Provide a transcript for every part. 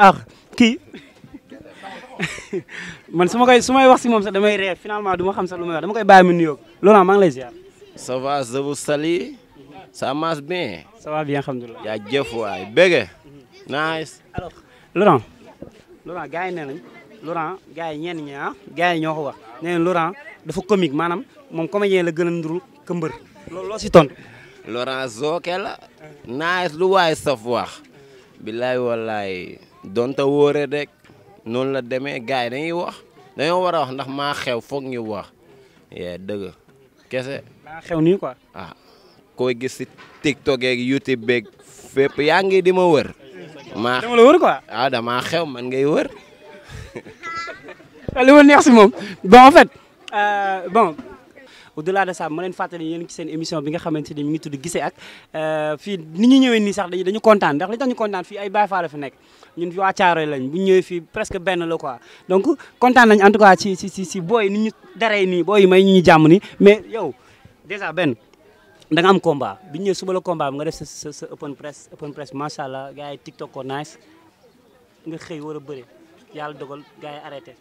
ah kii man su ma koy su may wax si moom sax damay ree finalement du ma xam sax lu may wax dama koy bàyyi mu nuyoo Laurent maa ngi lay ziar. ça va je vous salue. ça marche bien. ça va bien waay bëgg. nice. alors Laurent. Laurent gars yi nee nañ Laurent gars yi ñenn ñi ah wax nee nañ Laurent dafa comique maanaam moom comédien la gën a ndurul ka mbër. loolu loo nice lu waay saf wax. billaay wallaay donta wóore rek noonu la demee gars yi dañuy wax dañoo war a wax ndax maa xew foog ñu wax yee dëgg kese. maa xew nii ko ah koo gis si TikTok yeeg YouTube beeg fépp yaa ngi di ma wër. maa ah, xew man ngay wër. li ma neex si moom bon euh, bon. au delà de ça ma leen fàttali yéen ci seen émission bi nga xamante ni mi ngi tudd gise ak euh, fii ni ñu ñëwee nii sax dañu dañu kontaan ndax li tax ñu kontaan fii ay Baye Fall fi nekk ñun waa Caaroy lañ bu ñëwee fii presque benn la quoi donc kontaan nañ en tout cas ci ci booy ni ñu daree nii booy may ñu ñu jàmm ni mais yow déjà benn da nga am combat bi ñu ñëwee suba la combat bi nga def sa sa open press open press macha allah gars yi tiktok ko nice nga xëy war a bëre yàlla dogal gars yi arrêté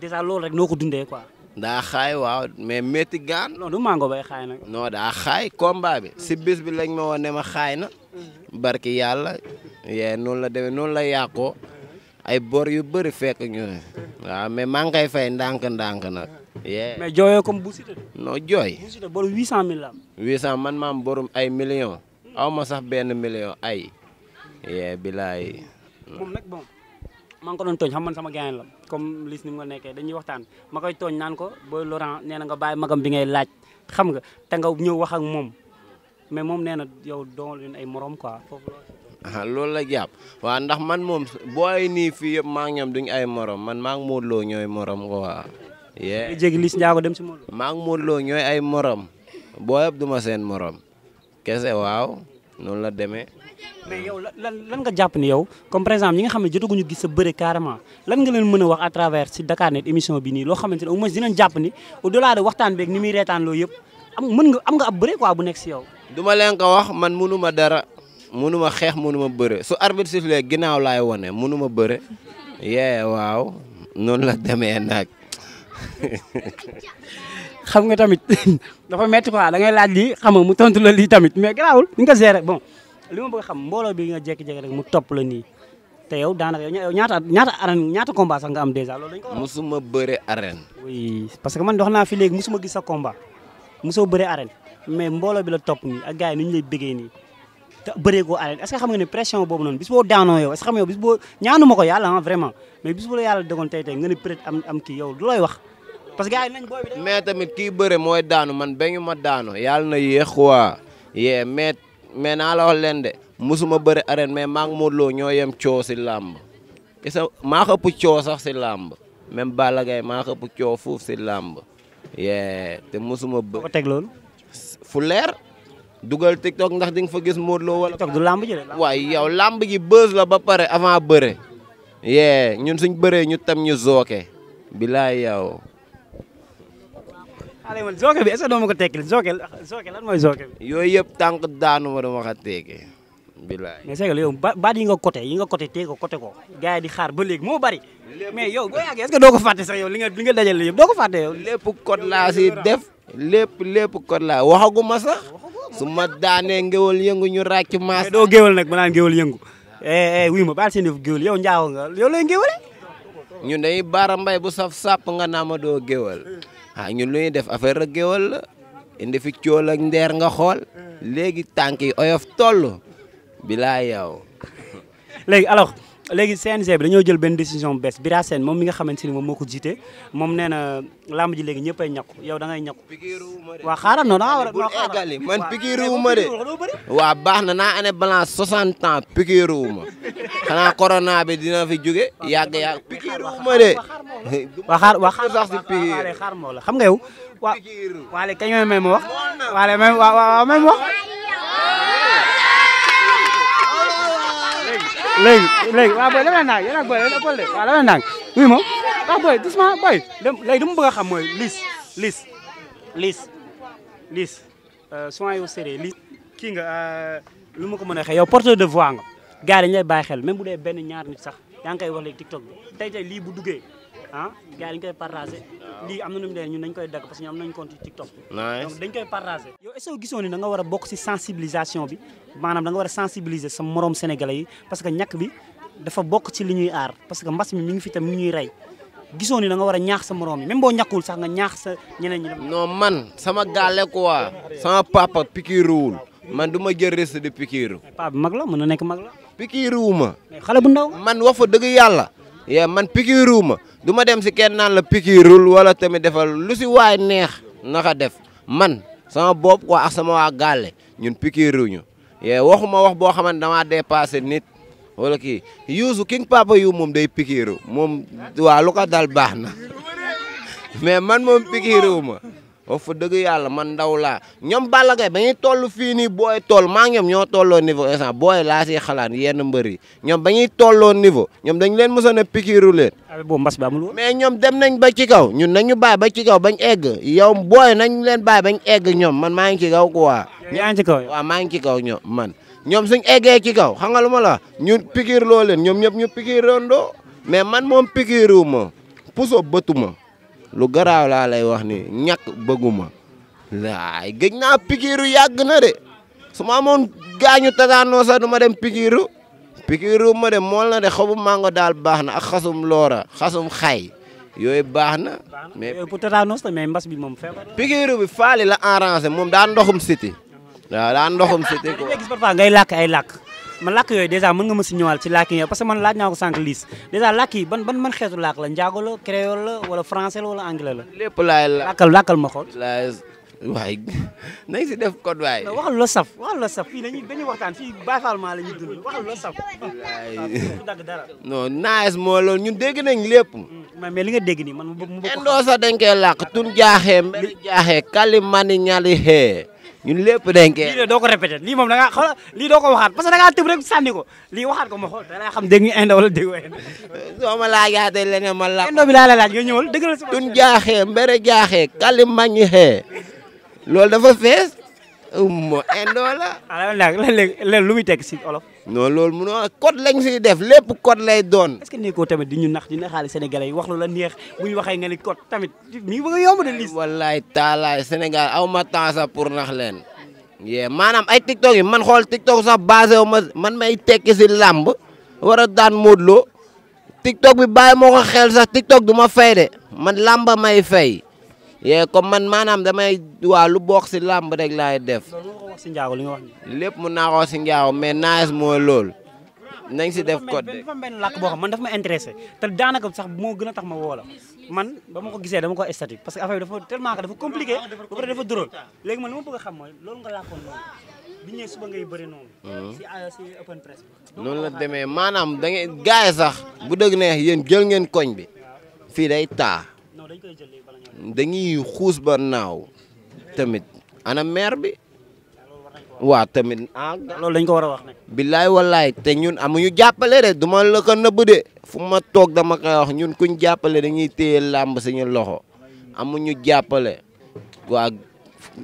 déjà loolu rek noo ko dundee quoi. daa xaay waaw mais métti gaan. non du mango bay daa xaay combat bi. si bis bi lañ ma ne ma xaay na. barki yàlla. yee noonu la demee noonu la yàqoo. ay bor yu bëri fekk ñu ne. waaw mais maa ngi fay ndànk-ndànk nag. mais jooyoo comme bu Siteu. non jooy. bu Siteu man maam borum ay million aw ma sax benn million ay. yee bilaay. moom maa ngi ko doon tooñ xam man sama gain la comme lis ni mu nga nekkee dañuy waxtaan ma tooñ naan ko booy Laurent nee na nga bàyyi magam bi ngay laaj xam nga te nga ñëw wax ak moom mais moom nee na yow doon ay morom quoi foofu la. loolu la jàpp waaw ndax man moom booy nii fii yëpp maa ngi ñoom duñ ay morom man maa ngi Modou Lo ñooy morom quoi. yee nga jéggi Liss dem si Modou Lo. maa ngi Modou Lo ñooy ay morom booy yëpp du seen morom kese waaw. noonu la demee. mais yow lan lan nga jàpp ni yow comme par exemple ñi nga xam ne jotaguñu gis sa bëre carrément lan nga leen mën a wax à travers si Dakar Net émission bi nii loo xamante ne au moins dinañ jàpp ni au delà de waxtaan beeg ni muy reetaan loolu mën nga am nga ab bëre quoi bu nekk si yow. du leen ko wax man mënu ma dara mënu ma xeex mënu ma bëre su arbitre sifflé ginnaaw laay wane mënu ma bëre. yee waaw noonu la demee nag. xam nga tamit dafa metti quoi da ngay laaj lii xam nga mu tontu la lii tamit mais garaawul ni nga géré bon li ma bëgg xam mbooloo bi nga jékki-jékki rek mu topp la nii te yow daanaka yow ñaata ñaata arène ñaata combat sax nga am dèjà loolu lañ ko musuma bëre arène man dox naa fi léegi musuma gis sa combat musoo bi la topp nii ak ko yàlla ah vraiment mais bis la yàlla dogoon tey tey nga ne peut am am kii yow wax parce que mais tamit kii bëre mooy daanu man ba ñu ma daanu yàlla na yéex quoi yee mais mais naa la wax de musuma bëre arène mais maa ngi ñoo yem coow si làmb isa maa sax si làmb même Balla Gaye maa xëpp si làmb yee te musuma bë ko teg loolu fu leer dugal TikTok ndax di nga fa gis Modou Lo du làmb ji waaye yow làmb ji bës la ba pare avant bëre yee ñun suñ bëree ñu tam ñu zooke bilaay yow xale man zooke bi est ce que doo ma ko tekkil zooke zooke lan mooy zooke bi. yooyu yëpp tànk daanu ma dama ko tekkee. bilaay mais c'est yi nga côté yi nga côté tee ko côté ko di xaar ba léegi moo bari. mais yow boo yàggee doo ko fàtte sax yow li nga li nga dajale yëpp doo ko fàtte yow. lépp laa si def. lépp lépp code laa waxaguma sax. su ma daanee ngéwal yëngu ñu ràcc doo géwal nag ma naan géwal yëngu. Eh, eh, wuyu ma baal seen yëf géwal yow njaaw nga yow lay géwale. ñun dañuy baara bu saf sàpp nga naa ma doo géwal ah ñun lu ñuy def affaire rek géwal indi fi cool ak nga xool léegi tànk yi oyof toll bilaa yow. léegi alors léegi CNG bi dañoo jël benn décision bees Bira Sène moom mi nga xamante ni moom moo ko jiite moom nee na làmb ji léegi ñëpp ay ñàkku yow da ngay ñàkku. waaw xaaral a man pikiiru wu de. waaw baax na naa année balance 60 ans pikiiru wu ma xanaa dina fi jóge yàgg yàgg pikiiru wu de. waa xaar waa moo la xam nga yow waa waa léegi kañ may may ma wax waa léegi may waa may ma wax léegi léegi waaw la naan yéen ak booy yéen ëppal mu bëgg xam mooy lis lis lis lis euh, soin yu serré lis kii nga euh, lu ma ko mën a xee yow de voix nga gars yi dañu lay bu dee benn ñaar nit sax yaa ngi koy wax léegi TikTok bi tey tey bu duggee ah gars yi dañ koy partagé lii am na nu mu dee ñun dañ koy dagg parce que ñun am nañ compte TikTok donc dañ koy war a bokk si sensibilisation bi maanaam da nga war a sensibiliser sa morom sénégalais yi parce que mbas mi mi ngi fi tam mi ñuy rey gisoo ni da nga war a ñaax sa morom yi même boo ñàkkul sax nga ñaax sa ñeneen ñi non man sama gaale quoi sama papa pikiiruwul man du ma jël risque de pikiiru papa bi mag la mën na nekk mag la pikiiruwu ma xale bu ndaw man wax fa dëgg yàlla yee man pikiiruwu ma duma dem si kenn naan la pikiirul wala tami defal lu si waay neex naka def man sama bopp ko ak sama waa gàlle ñun pikiiruñu yee waxuma wax boo xamante damaa dépassé nit wala kii yuusu king papa yu moom day pikiiru moom waa lu dal baax na mais man moom ma wax fa dëgg yàlla man ndaw laa ñoom Balla Gaye ba ñuy toll fii nii booy toll maa ngi ñoom ñoo tolloo niveau instant booy laa siy xalaat yenn mbër yi ñoom ba ñuy tolloo niveau ñoom dañ leen mësoon a pikiiru leen. boobu mbas bi amul mais ñoom dem nañ ba ci kaw ñun nañu bàyyi ba ci kaw bañ egg yow booy nañ leen bàyyi bañ egg ñoom man maa ngi ci kaw quoi. yaa ngi ci maa ngi ci kaw ñoom man. ñoom suñ eggee ci kaw xam nga lu ma la ñun pikiir loo leen ñoom ñëpp ñu pikiir rondo mais man moom pikiiru ma puso bëtu ma lu garaaw laa lay wax ni ñàkk bëgguma laay gëj naa pikiiru yàgg na de su ma amoon gaañu tasaanoo sax du ma dem pikiiru pikiiru ma dem mool na de xobu mango daal baax na ak xasum loora xasum xay yooyu baax na. mais pour tétanos mais mbas bi moom feebar. pikiiru bi faali la arrangé moom daa ndoxum siti waaw daa ndoxum siti ko. gis parfois ay làkk. man làkk yooyu dèjà mën nga ma si ñëwaal ci làkk yi parce que man laaj naa ko sànq liis dèjà làkk yi ban ban man xeetu làkk la njaago la créole la wala français la wala anglais la. lépp laay la làkkal làkkal ma xool. waay nañ si def code waay. waxal loo saf waxal loo saf fii dañuy dañuy waxtaan fii Baay Faal maa la ñuy dund waxal loo saf. dara. non naaj moo loolu ñun dégg nañ lépp. Mm, mais li nga dégg nii man mu bëgg. indoo sax dañ koy làkk tun jaaxee mbéy jaaxee kali mani ñali xee. ñun lépp denkee lii de doo ko répété lii moom da ngaa xoolal lii doo ko waxaat parce que da ngaa tëb rek sànni ko lii waxaat ko ma xool da lay xam dégg nga indo wala dégg nga indo. ma laajaatee leneen la. indo laa la laaj nga ñëwal dëgg la. tun jaaxee mbere jaaxee kàlli maññi xee loolu dafa fees. um indo la. waaw léegi lu muy teg si olof. non loolu munoo code lañ fiy def lépp code lay doon. est-ce tamit di ñu nax di naxaale sénégalais yi wax lu la neex bu ñu waxee nga ni code tamit mi ngi bëgg a yomb de lii. wallaay taalaay Sénégal aw ma temps sax pour nax leen. yee maanaam ay tiktok yi man xool tiktok sa basé wu ma man may tekki si wara daan Modou Lo tiktok bi bàyyi moo ko xel sax tiktok du ma de man làmba may fay. yee comme man maanaam damay waa lu bokk si làmb rek laay def. lépp mun naa ko si njaago mais naas mooy loolu. nañ si def code de boo xam man dafa ma intéressé te daanaka sax moo gën a tax ma woo man ba ma ko gisee dama ko statique parce que affaire bi dafa tellement que dafa compliqué ah, ba pare dafa drôle léegi man li ma bëgg a xam mooy loolu nga làkkoon noonu bi ñëwee hmm. si ah, si noonu la demee maanaam da ngeen gars yi bu dëgg ne yéen jël ngeen koñ bi fii da taa. non dañuy xuus ba naaw tamit ana maire bi waa tamit ah. loolu dañ ko war a wax wallaay te ñun amuñu jàppale de duma la ko nëbb de fu ma toog dama koy ñun kuñ jàppale dañuy téye làmb suñu loxo amuñu jàppale waa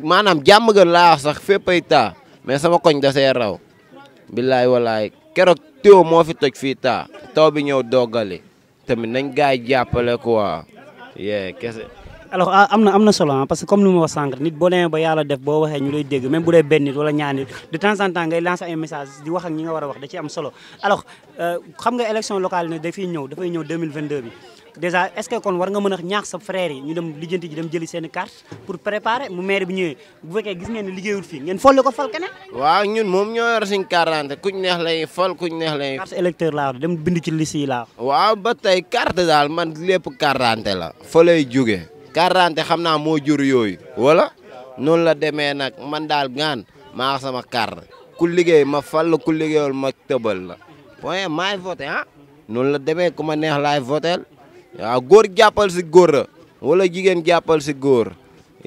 maanaam jàmm gën laa wax sax fépp ay taa mais sama koñ da see raw billaay wallaay keroog teew moo fi toj fii taa taw bi ñëw doggali tamit nañ gaay jàppale quoi yee kese alors ah, am na am na solo ah, parce que comme ni ma wax sànq nit boo demee ba yàlla def boo waxee ñu lay dégg même bu dee benn nit wala ñaar de temps en temps ngay lancer message di wax ak nga war a wax da ci am solo alors euh, xam nga élection locale ne dafay ñëw dafay ñëw 2022 bi déjà est-ce que kon war nga mën a ñaax sa frère yi ñu dem lijjanti ji dem jëli seen carte pour préparer mu maire bi ñëwee bu fekkee gis ngeen ne liggéeyul fii ngeen folli ko fal keneen waaw ñun moom ñoo yor suñ quarante kuñ neex lay fol kuñ neex lay carte électeur laa dem bind ci liste yi la fa jógee quarante xam naa moo jur yooyu wala noonu la demee nag man daal gaan maa sama carte ku liggéey ma fal ku liggéeyul ma tëbal la point maay voté ah noonu la demee ku ma neex laay votel waaw góor jàppal si góor la wala jigéen jàppal si góor.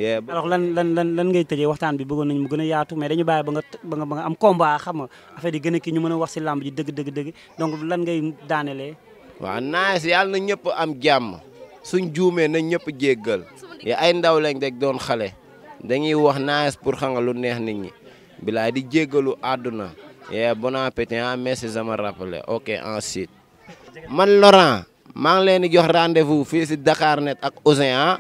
alors lan lan lan lan ngay tëjee waxtaan bi bëggoon nañ mu gën a yaatu mais dañu bàyyi ba nga ba nga am combat xam nga affaire yi gën a kii ñu mën a wax si làmb ji dëgg dëgg dëgg donc lan ngay daanelee. waaw naaj yàlla na ñëpp am jàmm. suñ juumee na ñëpp jéggal yi ay ndaw lañ doon xale dañuy wax naes pour xanga lu neex nit ñi bilaay di jéggalu àdduna ye bon appétit ah merci sama rappelé ok ensuite man Laurent maa ngi leen di jox rendez-vous fii si Dakar Net ak Ousin ah.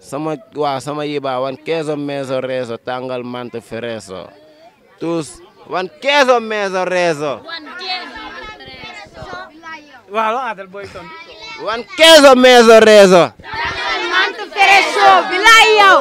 sama waa sama yibaa wan keeso meeso reeso tàngal mante fereeso tous wan keeso meeso reeso wan keeso meeso reeso. dangal mantu fere show bilay yow.